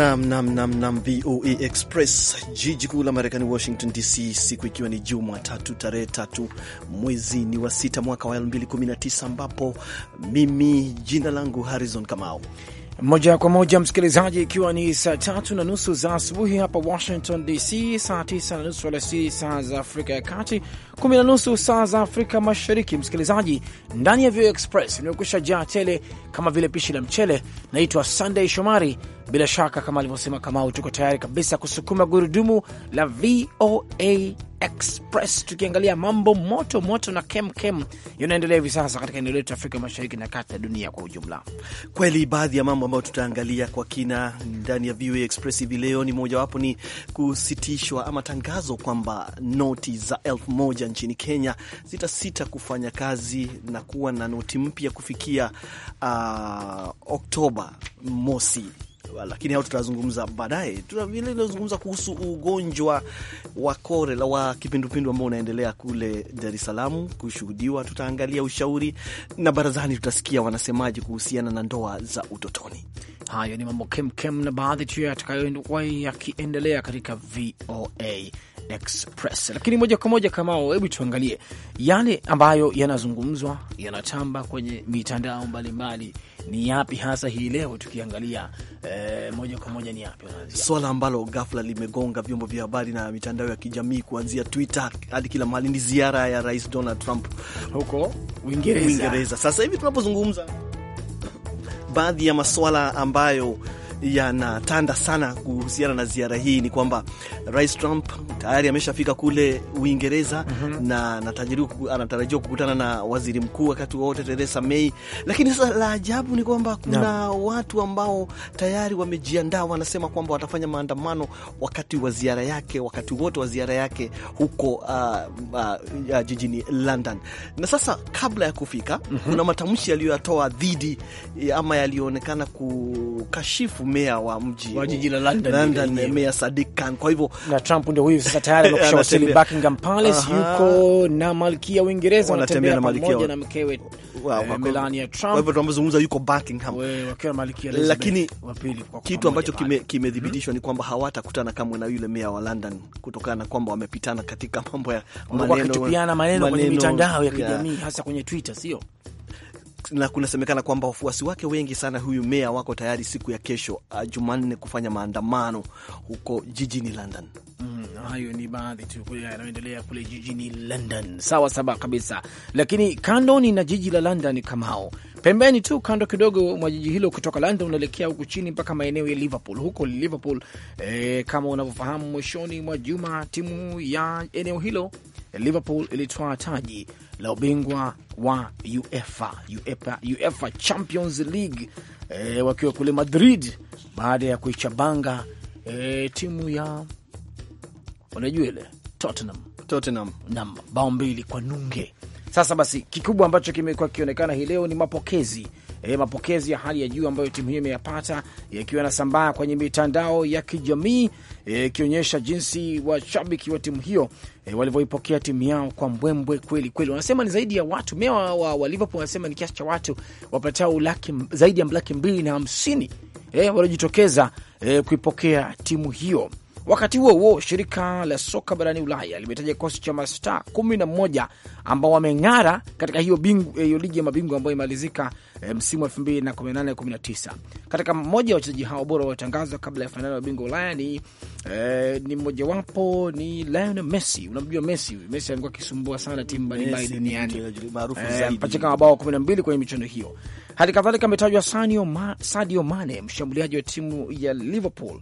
Nam, nam, nam, nam, VOA Express, jiji kuu la Marekani, Washington DC, siku ikiwa ni Jumatatu tarehe tatu mwezi ni wa sita mwaka wa 2019 ambapo mimi jina langu Harrison Kamau moja kwa moja msikilizaji, ikiwa ni saa tatu na nusu za asubuhi hapa Washington DC, saa tisa na nusu alasiri saa za Afrika ya Kati, kumi na nusu saa za Afrika Mashariki. Msikilizaji, ndani ya VOA Express inayokusha jaa tele kama vile pishi la mchele. Naitwa Sunday Shomari bila shaka kama alivyosema Kamau, tuko tayari kabisa kusukuma gurudumu la VOA Express, tukiangalia mambo moto moto na kem yanaendelea hivi sasa katika eneo letu Afrika Mashariki na kati ya dunia kwa ujumla. Kweli baadhi ya mambo ambayo tutaangalia kwa kina ndani ya VOA Express hivi leo ni mojawapo ni kusitishwa ama tangazo kwamba noti za elfu moja nchini Kenya zitasita kufanya kazi na kuwa na noti mpya kufikia uh, Oktoba mosi lakini hao tutazungumza baadaye. Tunazungumza kuhusu ugonjwa wa korela wa kipindupindu ambao unaendelea kule Dar es Salaam kushuhudiwa. Tutaangalia ushauri na barazani, tutasikia wanasemaje kuhusiana na ndoa za utotoni. Hayo ni mambo kemkem na baadhi tu yatakayokuwa yakiendelea katika VOA Express. Lakini moja kwa moja, Kamao, hebu tuangalie yale ambayo yanazungumzwa, yanatamba kwenye mitandao mbalimbali. Ni yapi hasa hii leo tukiangalia? E, moja kwa moja ni yapi swala ambalo ghafla limegonga vyombo vya habari na mitandao ya kijamii kuanzia Twitter hadi kila mahali? Ni ziara ya Rais Donald Trump huko Uingereza sasa hivi tunapozungumza baadhi ya masuala ambayo yanatanda sana kuhusiana na ziara hii ni kwamba Rais Trump tayari ameshafika kule Uingereza mm -hmm. na anatarajiwa kukutana na waziri mkuu wakati wowote Theresa May, lakini sasa la ajabu ni kwamba kuna na watu ambao tayari wamejiandaa, wanasema kwamba watafanya maandamano wakati wa ziara yake, wakati wote wa ziara yake huko uh, uh, uh, jijini London. Na sasa kabla ya kufika mm -hmm. kuna matamshi yaliyoyatoa dhidi eh, ama yaliyoonekana kukashifu mea wa mji wa jiji la London, London mea Sadiq Khan. Kwa hivyo na Trump ndio huyu sasa tayari amekushawasili Buckingham Palace, yuko na malkia Uingereza, anatembea na malkia na mkewe wow, eh, Melania Trump. Kwa hivyo tunazungumza, yuko Buckingham wakiwa malkia, lakini wa pili kwa kitu ambacho kimethibitishwa ni kwamba hawatakutana kamwe na yule mea wa London kutokana na kwamba wamepitana katika mambo ya maneno, wakitupiana maneno, maneno ya mitandao ya kijamii hasa kwenye Twitter, sio na kunasemekana kwamba wafuasi wake wengi sana huyu meya wako tayari siku ya kesho uh, Jumanne kufanya maandamano huko jijini London. Mm, hayo ni baadhi tu yanayoendelea kule jijini London. Sawa sawa kabisa, lakini kando ni na jiji la London kamao pembeni tu kando kidogo mwa jiji hilo kutoka London unaelekea huku chini mpaka maeneo ya Liverpool. Huko Liverpool e, kama unavyofahamu, mwishoni mwa juma timu ya eneo hilo Liverpool ilitwaa taji la ubingwa wa UEFA, UEFA, UEFA Champions League e, wakiwa kule Madrid baada ya kuichabanga e, timu ya unajua ile Tottenham Tottenham na bao mbili kwa nunge sasa basi, kikubwa ambacho kimekuwa kikionekana hii leo ni mapokezi e, mapokezi ya hali ya juu ambayo timu hiyo imeyapata yakiwa yanasambaa kwenye mitandao ya kijamii eh, ikionyesha e, jinsi washabiki wa timu hiyo e, walivyoipokea timu yao kwa mbwembwe kweli kweli. Wanasema ni zaidi ya watu mia wa, wa, wa Liverpool wanasema ni kiasi cha watu wapatao laki, zaidi ya laki mbili na hamsini e, waliojitokeza e, kuipokea timu hiyo. Wakati huo huo, shirika la soka barani Ulaya limetaja kikosi cha masta kumi na ambao wameng'ara katika hiyo, bingu, eh, hiyo ligi ya mabingwa ambayo imalizika eh, msimu wa 2018/19. Katika mmoja wa wachezaji hao bora waliotangazwa kabla ya fainali ya mabingwa Ulaya ni eh, ni mmojawapo ni Lionel Messi. Unamjua Messi? Messi alikuwa akisumbua sana timu mbalimbali duniani, mpachika eh, mabao 12 kwenye michuano hiyo. Hali kadhalika ametajwa Sadio Mane, mshambuliaji wa timu ya Liverpool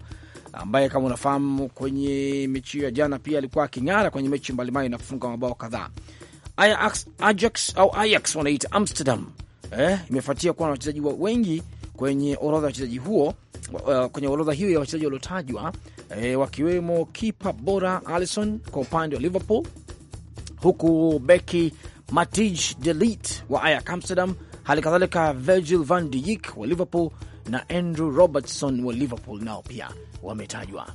ambaye kama unafahamu kwenye mechi ya jana pia alikuwa aking'ara kwenye mechi mbalimbali na kufunga mabao kadhaa. Ajax, Ajax au Ajax wanaita Amsterdam eh, imefuatia kuwa na wachezaji wengi kwenye orodha ya wachezaji huo uh, kwenye orodha hiyo ya wachezaji waliotajwa eh, wakiwemo kipa bora Alisson kwa upande wa Liverpool, huku beki Matij de Ligt wa Ajax Amsterdam, hali kadhalika Virgil van Dijk wa Liverpool na Andrew Robertson wa Liverpool nao pia wametajwa.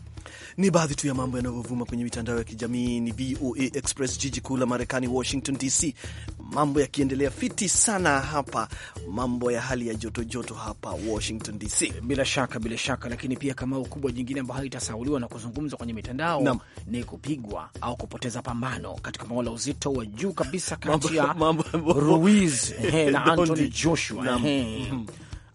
Ni baadhi tu ya mambo yanayovuma kwenye mitandao ya kijamii. Ni VOA Express, jiji kuu la Marekani, Washington DC. Mambo yakiendelea fiti sana hapa, mambo ya hali ya joto joto hapa Washington DC, bila shaka, bila shaka. Lakini pia kama ukubwa jingine ambayo haitasauliwa na kuzungumzwa kwenye mitandao Nam. ni kupigwa au kupoteza pambano katika la uzito wa juu kabisa kati ya Ruiz eh, na Anthony Joshua.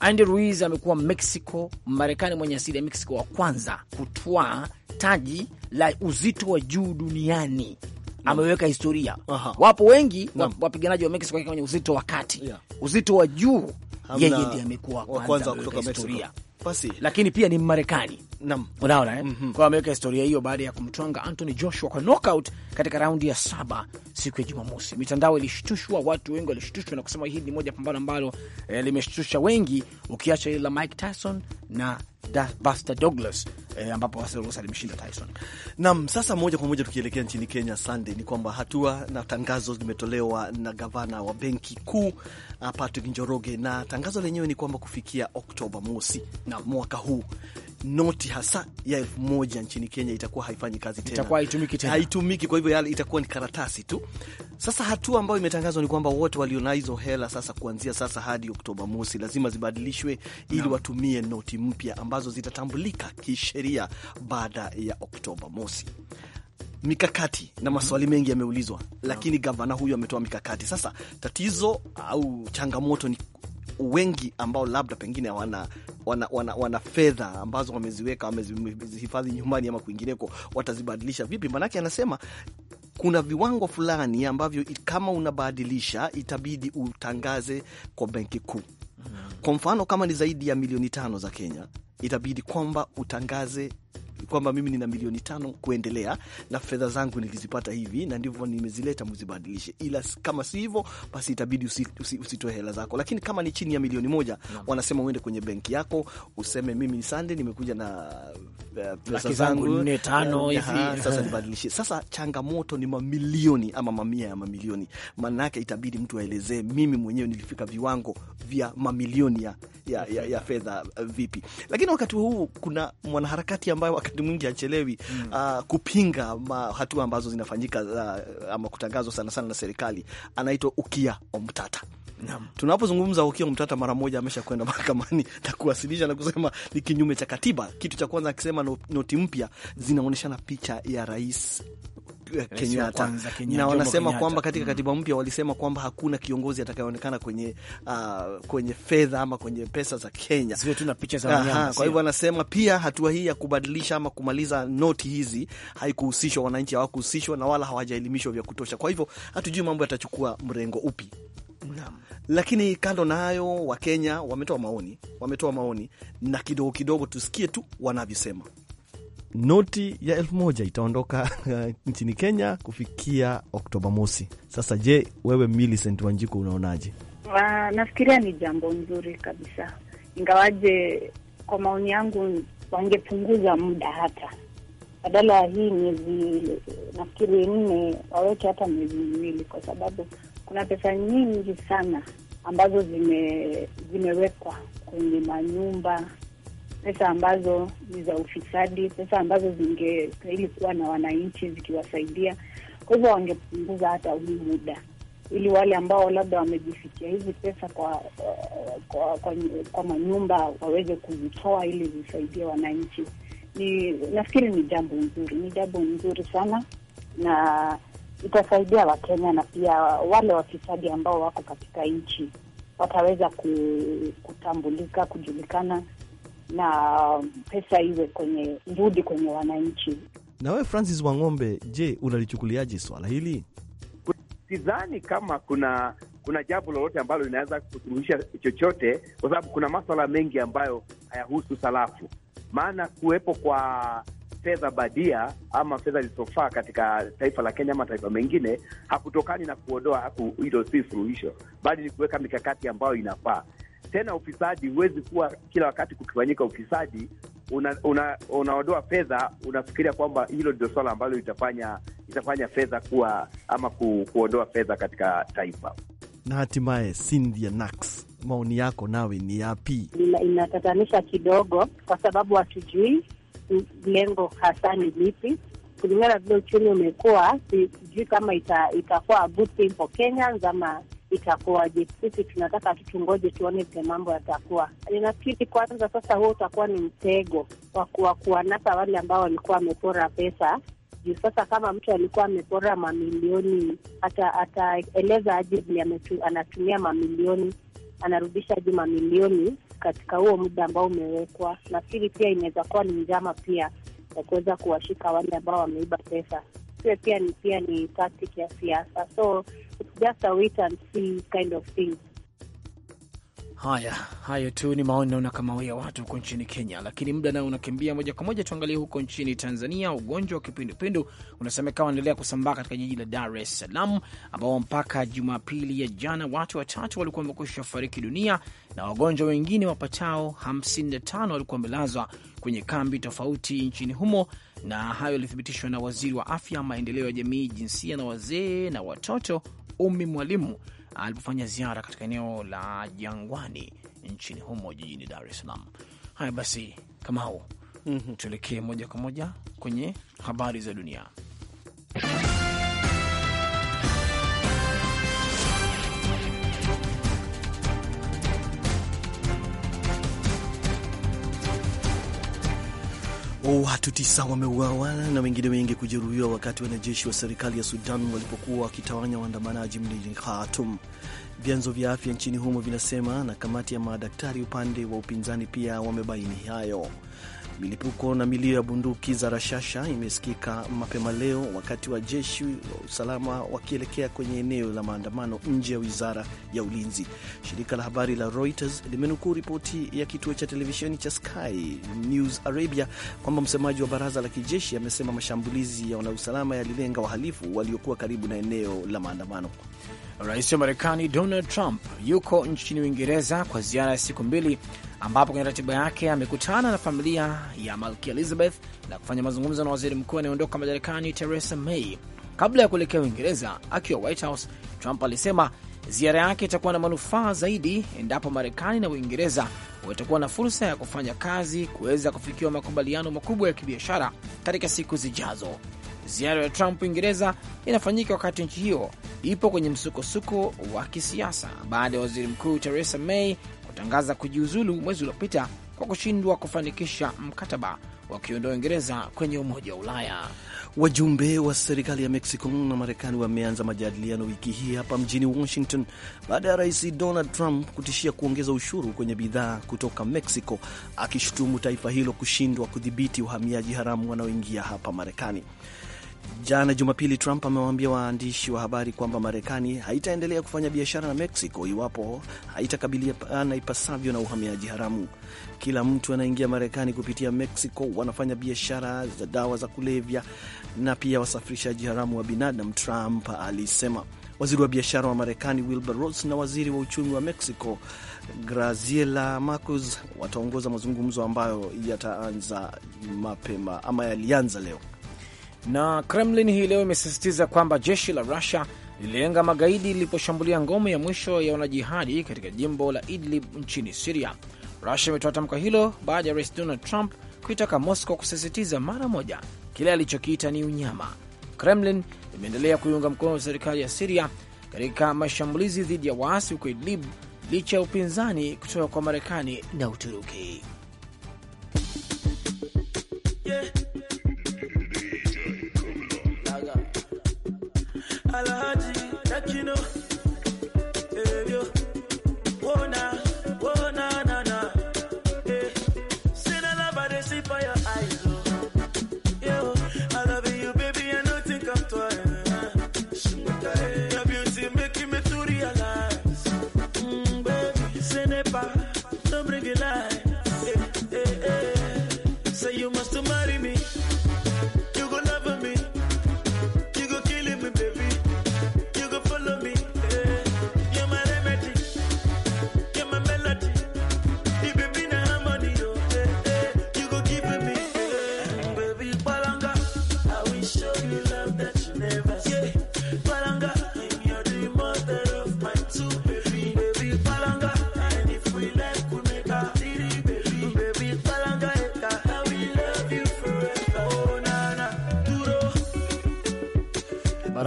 Andy Ruiz amekuwa Mexico, Marekani mwenye asili ya Mexico wa kwanza kutwaa taji la uzito wa juu duniani ameweka historia. Aha. Wapo wengi no. wapiganaji wa Mexico kwenye uzito wa kati, yeah. uzito wa juu, yeye ndiye amekuwa wa kwanza kutoka Mexico basi, lakini pia ni Marekani. Naam, unaona eh? mm -hmm. Kwao ameweka historia hiyo baada ya kumtwanga Anthony Joshua kwa knockout katika raundi ya saba siku ya Jumamosi. Mitandao ilishtushwa, watu wengi walishtushwa na kusema hii ni moja pambano ambalo eh, limeshtusha wengi, ukiacha ile la Mike Tyson na Buster Douglas eh, ambapo Russ alimshinda Tyson. Naam, sasa moja kwa moja tukielekea nchini Kenya, Sunday, ni kwamba hatua na tangazo limetolewa na gavana wa benki kuu eh, Patrick Njoroge, na tangazo lenyewe ni kwamba kufikia Oktoba mosi na mwaka huu noti hasa ya elfu moja nchini Kenya itakuwa haifanyi kazi tena, itakuwa haitumiki tena, haitumiki. Kwa hivyo yale itakuwa ni karatasi tu. Sasa hatua ambayo imetangazwa ni kwamba wote walio na hizo hela sasa, kuanzia sasa hadi Oktoba mosi, lazima zibadilishwe ili no. watumie noti mpya ambazo zitatambulika kisheria baada ya Oktoba mosi. Mikakati na mhm. maswali mengi yameulizwa, lakini no. gavana huyu ametoa mikakati. Sasa tatizo au changamoto ni wengi ambao labda pengine wana, wana, wana, wana fedha ambazo wameziweka wamezihifadhi nyumbani ama kwingineko, watazibadilisha vipi? Maanake anasema kuna viwango fulani ambavyo kama unabadilisha itabidi utangaze kwa benki kuu. Hmm. Kwa mfano kama ni zaidi ya milioni tano za Kenya itabidi kwamba utangaze kwamba mimi nina milioni tano kuendelea na fedha zangu nilizipata hivi na ndivyo nimezileta, muzibadilishe, ila kama si hivyo, basi itabidi usitoe usi, usi hela zako. Lakini kama ni chini ya milioni moja no. wanasema uende kwenye benki yako useme, mimi Sande nimekuja na uh, pesa zangu nne tano eh, hivi sasa nibadilishe. Sasa changamoto ni mamilioni ama mamia ya mamilioni, maana itabidi mtu aelezee, mimi mwenyewe nilifika viwango vya mamilioni ya ya, ya, ya fedha eh, vipi. Lakini wakati huu kuna mwanaharakati ambayo wakati mwingi hachelewi mm. uh, kupinga hatua ambazo zinafanyika uh, ama kutangazwa sana sana na serikali, anaitwa Ukia Omtata. Tunapozungumza ukiwa mtata, mara moja amesha kwenda mahakamani na kuwasilisha na kusema ni kinyume cha katiba. Kitu cha kwanza akisema noti mpya zinaonyeshana picha ya rais eh, Kenyatta na wanasema kwamba katika mm. katiba mpya walisema kwamba hakuna kiongozi atakayeonekana kwenye uh, kwenye fedha ama kwenye pesa za Kenya. Kwa hivyo wanasema pia hatua hii ya kubadilisha ama kumaliza noti hizi haikuhusishwa, wananchi hawakuhusishwa na wala hawajaelimishwa vya kutosha. Kwa hivyo hatujui mambo yatachukua mrengo upi. Lakini kando na hayo, Wakenya wametoa maoni, wametoa maoni na kidogo kidogo tusikie tu wanavyosema. Noti ya elfu moja itaondoka uh, nchini Kenya kufikia Oktoba mosi. Sasa je, wewe Millicent Wanjiko unaonaje? Wa, ah, nafikiria ni jambo nzuri kabisa, ingawaje kwa maoni yangu wangepunguza muda hata badala ya hii miezi nafikiri nne waweke hata miezi miwili, kwa sababu kuna pesa nyingi sana ambazo zime, zimewekwa kwenye manyumba, pesa ambazo ni za ufisadi, pesa ambazo zingestahili kuwa na wananchi zikiwasaidia. Kwa hivyo wangepunguza hata huu muda, ili wale ambao labda wamejifikia hizi pesa kwa, kwa, kwa, kwa manyumba waweze kuzitoa ili zisaidie wananchi. Ni nafikiri ni jambo nzuri, ni jambo nzuri sana na itasaidia Wakenya na pia wale wafisadi ambao wako katika nchi wataweza kutambulika, kujulikana na pesa iwe kwenye rudi kwenye wananchi. Na wewe Francis Wang'ombe, je, unalichukuliaje swala hili? Sidhani kama kuna kuna jambo lolote ambalo linaweza kusuluhisha chochote, kwa sababu kuna maswala mengi ambayo hayahusu sarafu maana kuwepo kwa fedha badia ama fedha zilizofaa katika taifa la Kenya ama taifa mengine hakutokani na kuondoa hilo, si suluhisho, bali ni kuweka mikakati ambayo inafaa. Tena ufisadi, huwezi kuwa kila wakati kukifanyika ufisadi unaondoa una, una fedha unafikiria kwamba hilo ndio swala ambalo itafanya itafanya fedha kuwa ama ku, kuondoa fedha katika taifa. Na hatimaye Cynthia Nax, maoni yako nawe ni yapi? Inatatanisha kidogo, kwa sababu hatujui lengo hasa ni lipi kulingana vile uchumi umekuwa, sijui kama ita, itakuwa o good thing for Kenyans ama itakuwaje. Sisi tunataka tu tungoje tuone vile mambo yatakuwa. Ninafikiri kwanza, sasa huo utakuwa ni mtego wa kuwanasa wale ambao walikuwa wamepora pesa juu. Sasa kama mtu alikuwa amepora mamilioni, ataeleza aje vile anatumia mamilioni anarudisha juu mamilioni katika huo muda ambao umewekwa. Nafikiri pia inaweza kuwa ni njama pia ya kuweza kuwashika wale ambao wameiba pesa. Sio pia ni pia ni tactic ya siasa, so it's just a wait and see kind of thing. Haya, hayo tu ni maoni naona kama ya watu huko nchini Kenya, lakini muda nao unakimbia moja kwa moja. Tuangalie huko nchini Tanzania. Ugonjwa wa kipindupindu unasemekana unaendelea kusambaa katika jiji la Dar es Salaam, ambao mpaka Jumapili ya jana watu watatu walikuwa wamekwisha fariki dunia na wagonjwa wengine wapatao 55 walikuwa wamelazwa kwenye kambi tofauti nchini humo, na hayo ilithibitishwa na waziri wa afya, maendeleo ya jamii, jinsia na wazee na watoto, umi Mwalimu alipofanya ziara katika eneo la Jangwani nchini humo jijini Dar es Salaam. Haya basi, Kamau, mm -hmm. tuelekee moja kwa moja kwenye habari za dunia. Watu oh, tisa wameuawa na wengine wengi kujeruhiwa wakati wanajeshi wa serikali ya Sudan walipokuwa wakitawanya waandamanaji mjini Khartoum. Vyanzo vya afya nchini humo vinasema, na kamati ya madaktari upande wa upinzani pia wamebaini hayo. Milipuko na milio ya bunduki za rashasha imesikika mapema leo wakati wa jeshi wa usalama wakielekea kwenye eneo la maandamano nje ya wizara ya ulinzi. Shirika la habari la Reuters limenukuu ripoti ya kituo cha televisheni cha Sky News Arabia kwamba msemaji wa baraza la kijeshi amesema mashambulizi ya wanausalama yalilenga wahalifu waliokuwa karibu na eneo la maandamano. Rais wa Marekani Donald Trump yuko nchini Uingereza kwa ziara ya siku mbili, ambapo kwenye ratiba yake amekutana na familia ya Malkia Elizabeth na kufanya mazungumzo na waziri mkuu anayeondoka madarakani Theresa May kabla ya kuelekea Uingereza. Akiwa White House, Trump alisema ziara yake itakuwa na manufaa zaidi endapo Marekani na Uingereza watakuwa na fursa ya kufanya kazi kuweza kufikiwa makubaliano makubwa ya kibiashara katika siku zijazo. Ziara ya Trump Uingereza inafanyika wakati nchi hiyo ipo kwenye msukosuko wa kisiasa baada ya waziri mkuu Theresa May kutangaza kujiuzulu mwezi uliopita kwa kushindwa kufanikisha mkataba wakiondoa Uingereza kwenye Umoja wa Ulaya. Wajumbe wa serikali ya Mexico na Marekani wameanza majadiliano wiki hii hapa mjini Washington baada ya Rais Donald Trump kutishia kuongeza ushuru kwenye bidhaa kutoka Mexico, akishutumu taifa hilo kushindwa kudhibiti uhamiaji haramu wanaoingia hapa Marekani. Jana Jumapili, Trump amewaambia waandishi wa habari kwamba Marekani haitaendelea kufanya biashara na Mexico iwapo haitakabiliana ipasavyo na uhamiaji haramu. Kila mtu anaingia Marekani kupitia Mexico wanafanya biashara za dawa za kulevya na pia wasafirishaji haramu wa binadamu, Trump alisema. Waziri wa biashara wa Marekani Wilbur Ross na waziri wa uchumi wa Mexico Graziela Marcus wataongoza mazungumzo ambayo yataanza mapema ama yalianza leo. Na Kremlin hii leo imesisitiza kwamba jeshi la Rusia lililenga magaidi liliposhambulia ngome ya mwisho ya wanajihadi katika jimbo la Idlib nchini Siria. Rusia imetoa tamko hilo baada ya rais Donald Trump kuitaka Moscow kusisitiza mara moja kile alichokiita ni unyama. Kremlin imeendelea kuiunga mkono serikali ya Siria katika mashambulizi dhidi ya waasi huko Idlib licha ya upinzani kutoka kwa Marekani na Uturuki. yeah. Alaji, that you know.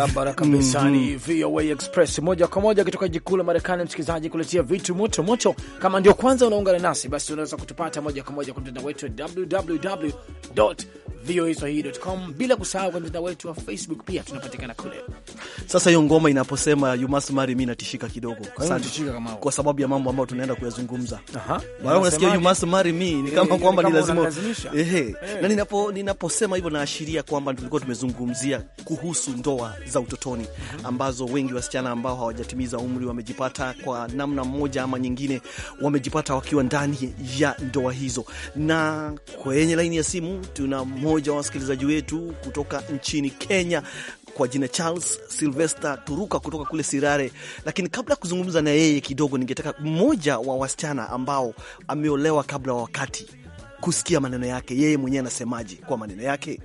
barabara kabisa. Ni mhm. VOA Express moja kwa moja kutoka jikuu la Marekani, msikilizaji, kuletia vitu moto moto. Kama ndio kwanza unaungana nasi, basi unaweza kutupata moja kwa moja kwa mtandao wetu www voaswahili.com, bila kusahau kwenye mtandao wetu wa Facebook pia tunapatikana kule. Sasa hiyo ngoma inaposema you must marry me, natishika kidogo kwa sababu ya mambo ambayo tunaenda kuyazungumza. Unasikia you must marry me eh, ni kama kwamba ni lazima ehe, eh. na ninapo ninaposema hivyo naashiria kwamba tulikuwa tumezungumzia kuhusu ndoa za utotoni mhm. ambazo wengi wasichana ambao hawajatimiza umri wamejipata kwa namna moja ama nyingine, wamejipata wakiwa ndani ya ndoa hizo, na kwenye laini ya simu tuna mmoja wa wasikilizaji wetu kutoka nchini Kenya kwa jina Charles Silvester Turuka kutoka kule Sirare. Lakini kabla ya kuzungumza na yeye kidogo, ningetaka mmoja wa wasichana ambao ameolewa kabla wa wakati kusikia maneno yake yeye mwenyewe anasemaje kwa maneno yake.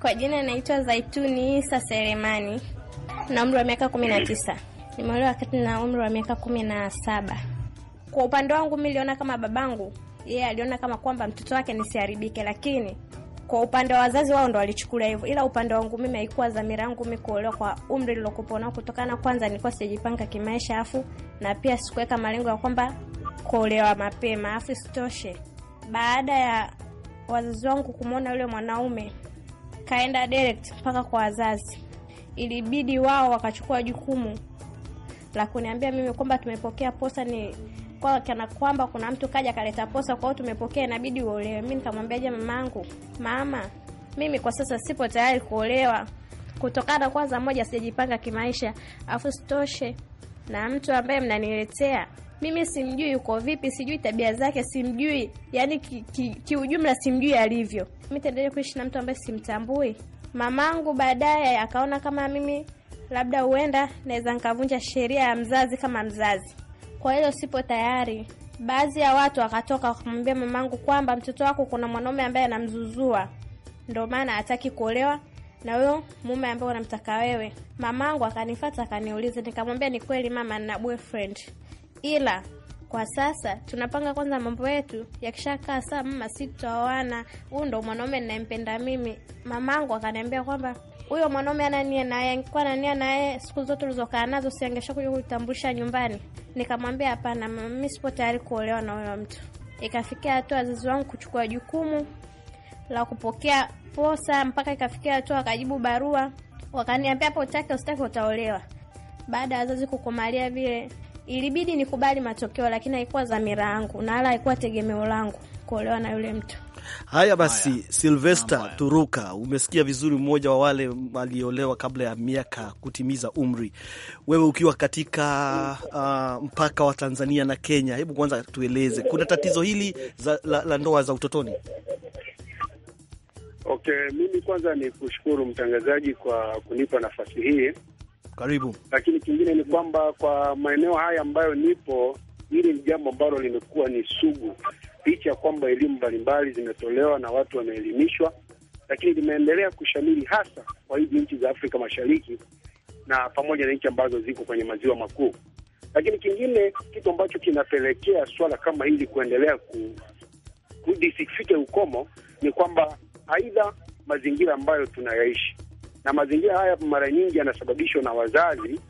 Kwa jina naitwa Zaituni Isa Seremani na umri wa miaka kumi na tisa. Nimeolewa wakati na umri wa miaka kumi na saba. Kwa upande wangu, mi liona kama babangu yeye, yeah, aliona kama kwamba mtoto wake nisiharibike, lakini kwa upande wa wazazi wao ndo walichukulia hivyo, ila upande wangu mimi haikuwa dhamira yangu mimi kuolewa kwa umri nilokuwa nao, kutokana kwanza nilikuwa sijajipanga kimaisha, afu na pia sikuweka malengo ya kwamba kuolewa mapema. Afu sitoshe, baada ya wazazi wangu kumwona yule mwanaume kaenda direct mpaka kwa wazazi, ilibidi wao wakachukua jukumu la kuniambia mimi kwamba tumepokea posa ni kwa kana kwamba kuna mtu kaja kaleta posa, kwa hiyo tumepokea, inabidi uolewe. Mimi je, mamangu, mama, mimi kwa sasa sipo tayari kuolewa, kutokana kwanza, moja, sijajipanga kimaisha, afu sitoshe na mtu ambaye mnaniletea mimi simjui yuko vipi, sijui tabia zake, simjui yani kiujumla ki, ki simjui alivyo. Mi taendelee kuishi na mtu ambaye simtambui? Mamangu baadaye akaona kama mimi labda huenda naweza nikavunja sheria ya mzazi kama mzazi, kwa hilo sipo tayari. Baadhi ya watu wakatoka wakamwambia mamangu kwamba mtoto wako kuna mwanaume ambaye anamzuzua, ndio maana hataki kuolewa na huyo mume ambaye unamtaka wewe. Mamangu akanifuata akaniuliza, nikamwambia ni kweli mama, nina boyfriend, ila kwa sasa tunapanga kwanza mambo yetu, yakishakaa saa mama, si tutaoana. Huyu ndo mwanaume ninayempenda mimi. Mamangu akaniambia kwamba huyo mwanaume anania naye, angekuwa anania naye siku zote ulizokaa nazo, si kuja kutambulisha nyumbani? Nikamwambia hapana, mimi sipo tayari kuolewa na huyo mtu. Ikafikia hatua wazazi wangu kuchukua jukumu la kupokea posa, mpaka ikafikia hatua wakajibu barua, wakaniambia hapo, utake usitake, utaolewa. Baada ya wazazi kukumalia vile, ilibidi nikubali matokeo, lakini haikuwa dhamira yangu na wala haikuwa tegemeo langu kuolewa na yule mtu. Haya basi, haya. Silvester Turuka, umesikia vizuri, mmoja wa wale waliolewa kabla ya miaka kutimiza umri. Wewe ukiwa katika uh, mpaka wa Tanzania na Kenya, hebu kwanza tueleze kuna tatizo hili za, la, la ndoa za utotoni? Okay, mimi kwanza ni kushukuru mtangazaji kwa kunipa nafasi hii. Karibu. Lakini kingine ni kwamba kwa maeneo haya ambayo nipo hili ni jambo ambalo limekuwa ni sugu, licha ya kwamba elimu mbalimbali zimetolewa na watu wanaelimishwa, lakini limeendelea kushamiri hasa kwa hizi nchi za Afrika Mashariki na pamoja na nchi ambazo ziko kwenye maziwa makuu. Lakini kingine kitu ambacho kinapelekea swala kama hili kuendelea ku, kudisifike ukomo ni kwamba aidha mazingira ambayo tunayaishi na mazingira haya mara nyingi yanasababishwa na wazazi,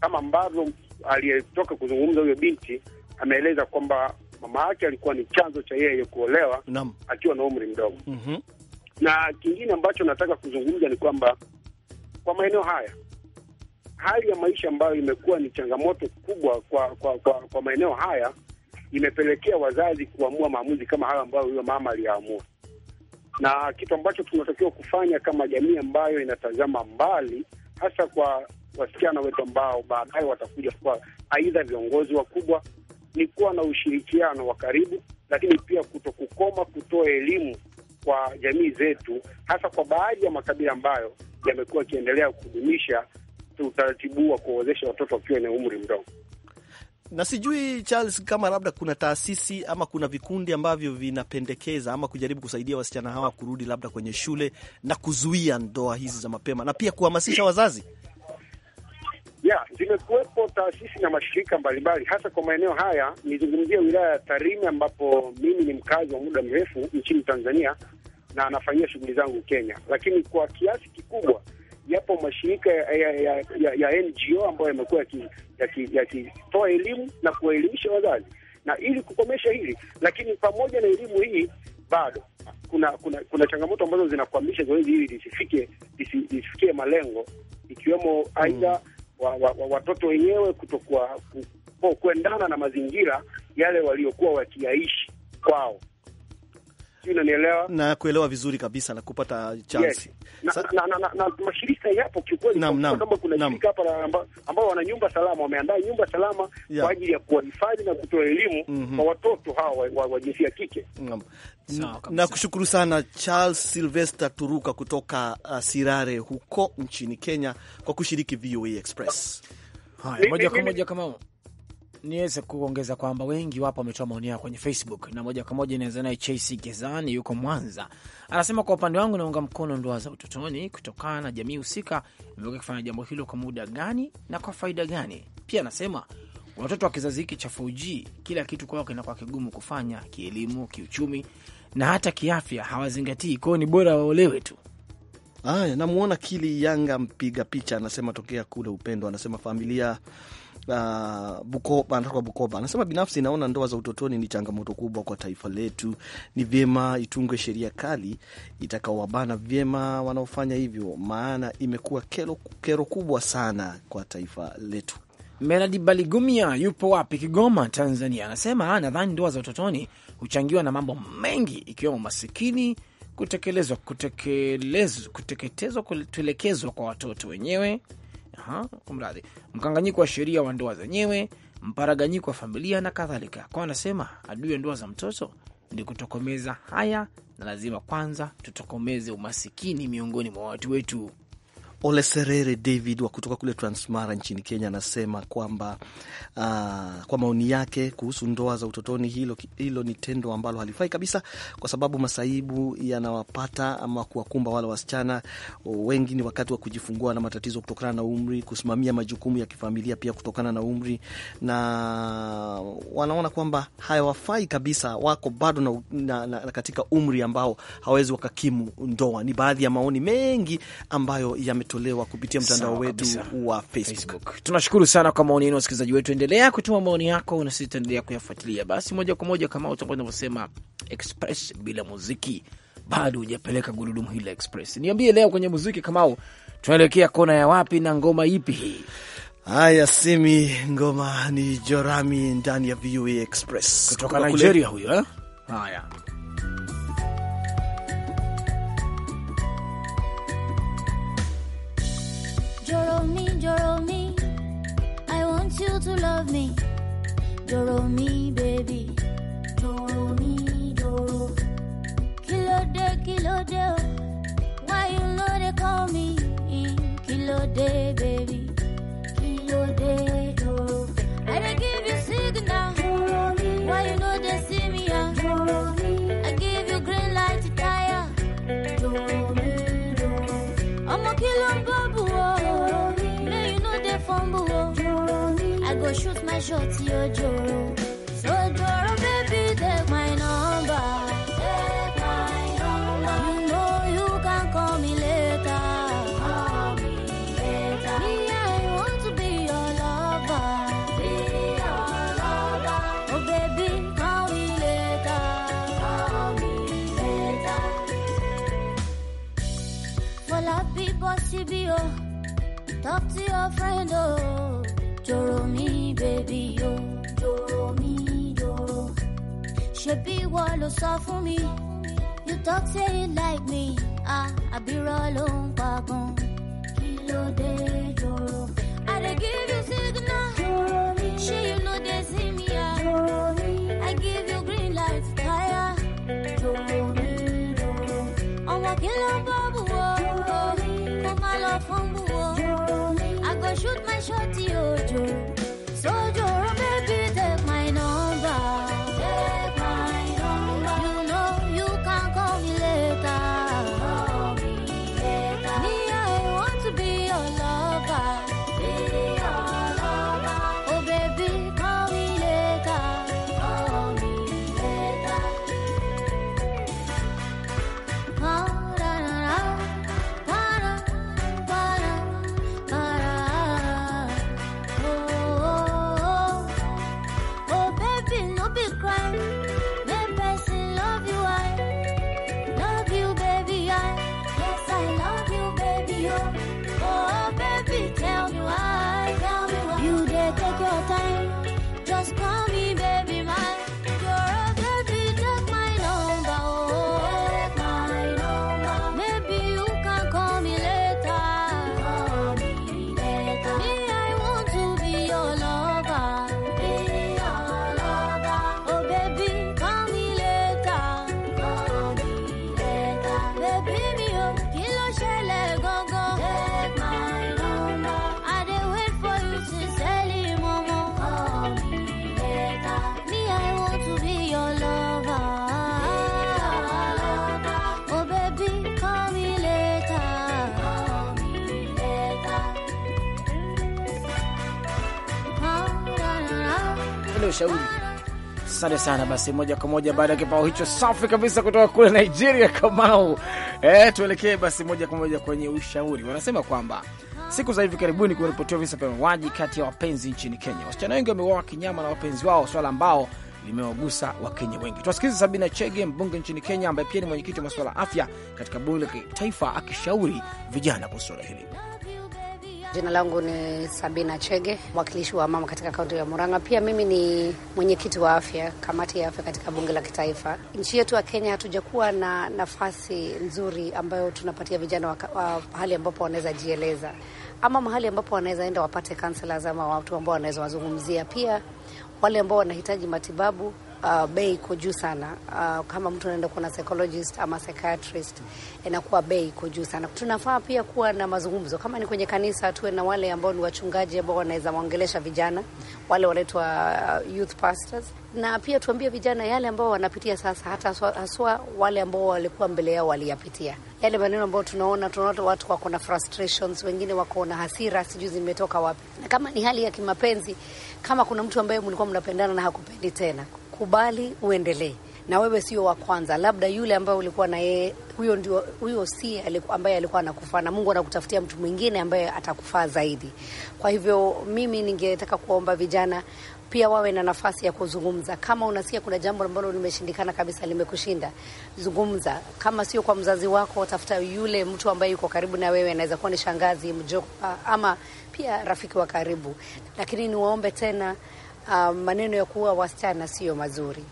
kama ambavyo aliyetoka kuzungumza huyo binti ameeleza kwamba mama yake alikuwa ni chanzo cha yeye kuolewa akiwa na umri mdogo mm -hmm. na kingine ambacho nataka kuzungumza ni kwamba kwa maeneo haya hali ya maisha ambayo imekuwa ni changamoto kubwa kwa kwa, kwa, kwa maeneo haya imepelekea wazazi kuamua maamuzi kama hayo ambayo huyo mama aliyaamua, na kitu ambacho tunatakiwa kufanya kama jamii ambayo inatazama mbali, hasa kwa wasichana wetu ambao baadaye watakuja kuwa aidha viongozi wakubwa ni kuwa na ushirikiano wa karibu, lakini pia kutokukoma kutoa elimu kwa jamii zetu, hasa kwa baadhi ya makabila ambayo yamekuwa yakiendelea kudumisha utaratibu wa kuwawezesha watoto wakiwa na umri mdogo. Na sijui Charles, kama labda kuna taasisi ama kuna vikundi ambavyo vinapendekeza ama kujaribu kusaidia wasichana hawa kurudi labda kwenye shule na kuzuia ndoa hizi za mapema na pia kuhamasisha wazazi ya zimekuwepo taasisi na mashirika mbalimbali, hasa kwa maeneo haya. Nizungumzia wilaya ya Tarime ambapo mimi ni mkazi wa muda mrefu nchini Tanzania na anafanyia shughuli zangu Kenya, lakini kwa kiasi kikubwa yapo mashirika ya, ya, ya, ya, ya NGO ambayo yamekuwa yakitoa elimu na kuwaelimisha wazazi na ili kukomesha hili, lakini pamoja na elimu hii bado kuna kuna kuna changamoto ambazo zinakwamisha zoezi hili lisifikie lisifikie malengo ikiwemo aidha mm wa, wa, wa, watoto wenyewe kutokuwa kuendana na mazingira yale waliokuwa wakiyaishi kwao sijui unanielewa na kuelewa vizuri kabisa na kupata chance yes. Sa... na, na, na, na, na mashirika yapo kiukweli, kama kuna shirika hapa ambao amba wana nyumba salama, wameandaa nyumba salama yeah. kwa ajili ya kuwahifadhi na kutoa elimu mm -hmm. kwa watoto hawa wa, wa jinsia ya kike na Nakushukuru sana Charles Sylvester Turuka kutoka uh, Sirare huko nchini Kenya kwa kushiriki VOA Express. Haya, moja kwa moja kama niweze kuongeza kwamba wengi wapo wametoa maoni yao kwenye Facebook na moja kwa moja inaweza naye Chase Gezani yuko Mwanza, anasema kwa upande wangu naunga mkono ndoa za utotoni kutokana na jamii husika imekuwa kufanya jambo hilo kwa muda gani na kwa faida gani. Pia anasema watoto wa kizazi hiki cha 4G kila kitu kwao kinakuwa kigumu kufanya kielimu, kiuchumi na hata kiafya, hawazingatii kwao, ni bora waolewe tu. Aya, namuona Kili Yanga mpiga picha anasema tokea kule Upendo, anasema familia uh, Bukoba, anatoka Bukoba, anasema binafsi naona ndoa za utotoni ni changamoto kubwa kwa taifa letu. Ni vyema itungwe sheria kali itakaowabana vyema wanaofanya hivyo, maana imekuwa kero, kero kubwa sana kwa taifa letu. meradi Baligumia yupo wapi? Kigoma, Tanzania, anasema nadhani ndoa za utotoni huchangiwa na mambo mengi ikiwemo masikini, kutekelezwa kutekelezwa kuteketezwa, kuelekezwa kwa watoto wenyewe kumradhi, mkanganyiko wa sheria wa ndoa zenyewe, mparaganyiko wa familia na kadhalika. Kwa anasema adui ya ndoa za mtoto ni kutokomeza haya, na lazima kwanza tutokomeze umasikini miongoni mwa watu wetu. Ole Serere David wa kutoka kule Transmara nchini Kenya anasema kwamba uh, kwa maoni yake kuhusu ndoa za utotoni, hilo, hilo ni tendo ambalo halifai kabisa, kwa sababu masaibu yanawapata ama kuwakumba wale wasichana wengi ni wakati wa kujifungua na matatizo kutokana na umri, kusimamia majukumu ya kifamilia pia kutokana na umri, na wanaona kwamba hayawafai kabisa, wako bado na, na, na, na katika umri ambao hawawezi wakakimu ndoa. Ni baadhi ya maoni mengi ambayo yame yametolewa kupitia mtandao wetu wa Facebook. Tunashukuru sana kwa maoni yenu wasikilizaji wetu, endelea kutuma maoni yako na sisi tutaendelea kuyafuatilia. Basi moja kwa moja kama utakuwa unavyosema express bila muziki, bado hujapeleka gurudumu hili la express. Niambie leo kwenye muziki, Kamau, tunaelekea kona ya wapi na ngoma ipi hii? Haya, simi ngoma ni Jorami ndani ya VOA Express kutoka Nigeria huyo eh? Haya. you to love me. you Doro me, baby. Doro mi, doro. Kílódé, kílódé, oh. Why you know they call me? Mm, kílódé, baby. Kílódé. Shorty Ojo. So girl, baby, take my number. Take my number. You know you can call me later. Call me later. Me, I want to be your lover. Be your lover. Oh baby, call me later. Call me later. For la people, CBO. Talk to your friend, oh. ìwọ ló sọ fún mi. You talk say you like me, ah, I be rolling, pa gan. Kí dé dúró? I dey give you signal, dúró mi. Ṣé you no dey see me ah? I give you green light, tire. Dúró me. dúró. Ọmọ kí ló ń bọ̀ bù wọ́? Dúró mi. Mo máa lọ fún I go shoot my shot yo, dúró. shauri. Asante sana. Basi moja kwa moja baada ya kibao hicho safi kabisa kutoka kule Nigeria, Kamau, eh, tuelekee basi moja kwa moja kwenye ushauri. Wanasema kwamba siku za hivi karibuni kumeripotiwa visa vya mauaji kati ya wapenzi nchini Kenya. Wasichana wengi wameuawa kinyama na wapenzi wao, swala ambao limewagusa Wakenya wengi. Tuwasikilize Sabina Chege, mbunge nchini Kenya ambaye pia ni mwenyekiti wa masuala ya afya katika bunge la kitaifa, akishauri vijana kuhusu swala hili. Jina langu ni Sabina Chege, mwakilishi wa mama katika kaunti ya Murang'a. Pia mimi ni mwenyekiti wa afya, kamati ya afya katika bunge la kitaifa. Nchi yetu ya Kenya hatujakuwa na nafasi nzuri ambayo tunapatia vijana wa mahali ambapo wanaweza jieleza ama mahali ambapo wanaweza enda wapate counselors ama watu ambao wanaweza wazungumzia, pia wale ambao wanahitaji matibabu uh, bei iko juu sana. Uh, kama mtu anaenda kuona psychologist ama psychiatrist inakuwa bei iko juu sana. Tunafaa pia kuwa na mazungumzo, kama ni kwenye kanisa, tuwe na wale ambao ni wachungaji ambao wanaweza waongelesha vijana wale wanaitwa uh, youth pastors, na pia tuambie vijana yale ambao wanapitia sasa, hata haswa wale ambao walikuwa mbele yao waliyapitia yale maneno ambayo tunaona, tunaona watu wako na frustrations, wengine wako na hasira, sijui zimetoka wapi. Na kama ni hali ya kimapenzi, kama kuna mtu ambaye mlikuwa mnapendana na hakupendi tena kubali uendelee na wewe sio wa kwanza, labda yule ambaye ulikuwa na yeye, huyo ndio huyo, si ambaye alikuwa anakufaa, na Mungu anakutafutia mtu mwingine ambaye atakufaa zaidi. Kwa hivyo mimi ningetaka kuomba vijana pia wawe na nafasi ya kuzungumza. Kama unasikia kuna jambo ambalo limeshindikana kabisa, limekushinda, zungumza. Kama sio kwa mzazi wako, tafuta yule mtu ambaye yuko karibu na wewe, anaweza kuwa ni shangazi, mjomba, ama pia rafiki wa karibu. Lakini niwaombe tena uh, maneno ya kuwa wasichana sio mazuri.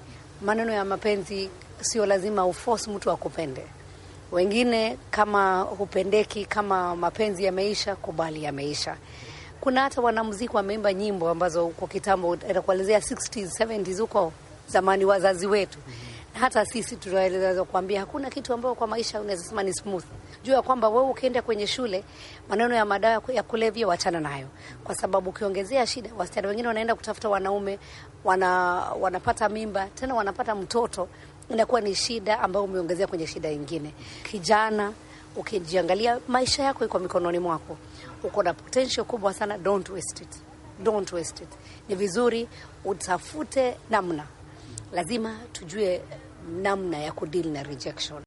Maneno ya mapenzi sio lazima uforce mtu akupende. Wengine kama hupendeki, kama mapenzi yameisha, kubali yameisha. Kuna hata wanamuziki wameimba nyimbo ambazo kwa kitambo, nakuelezea 60s 70s, huko zamani, wazazi wetu mhm. hata sisi tunaweza kuambia hakuna kitu ambayo kwa maisha unaweza sema ni smooth jua kwamba wewe ukienda kwenye shule, maneno ya madawa ya kulevya wachana nayo, kwa sababu ukiongezea shida, wasichana wengine wanaenda kutafuta wanaume, wana wanapata mimba, tena wanapata mtoto, inakuwa ni shida ambayo umeongezea kwenye shida nyingine. Kijana ukijiangalia, maisha yako iko mikononi mwako, uko na potential kubwa sana, don't waste it. Don't waste it. Ni vizuri utafute namna, lazima tujue namna ya kudeal na rejection.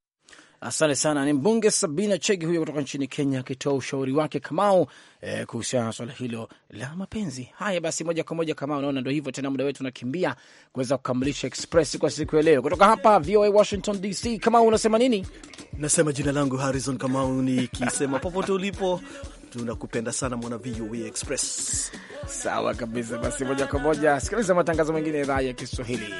Asante sana. Ni mbunge Sabina Chege huyo kutoka nchini Kenya akitoa ushauri wake Kamau eh, kuhusiana na swala hilo la mapenzi. Haya basi, moja kwa moja Kamau, naona ndo hivyo tena, muda wetu unakimbia kuweza kukamilisha Express kwa siku ya leo kutoka hapa VOA Washington DC. Kamau, unasema nini? Nasema jina langu Harrison Kamau nikisema popote ulipo tunakupenda sana mwana VOA Express. Sawa kabisa, basi moja kwa moja sikiliza matangazo mengine ya idhaa ya Kiswahili.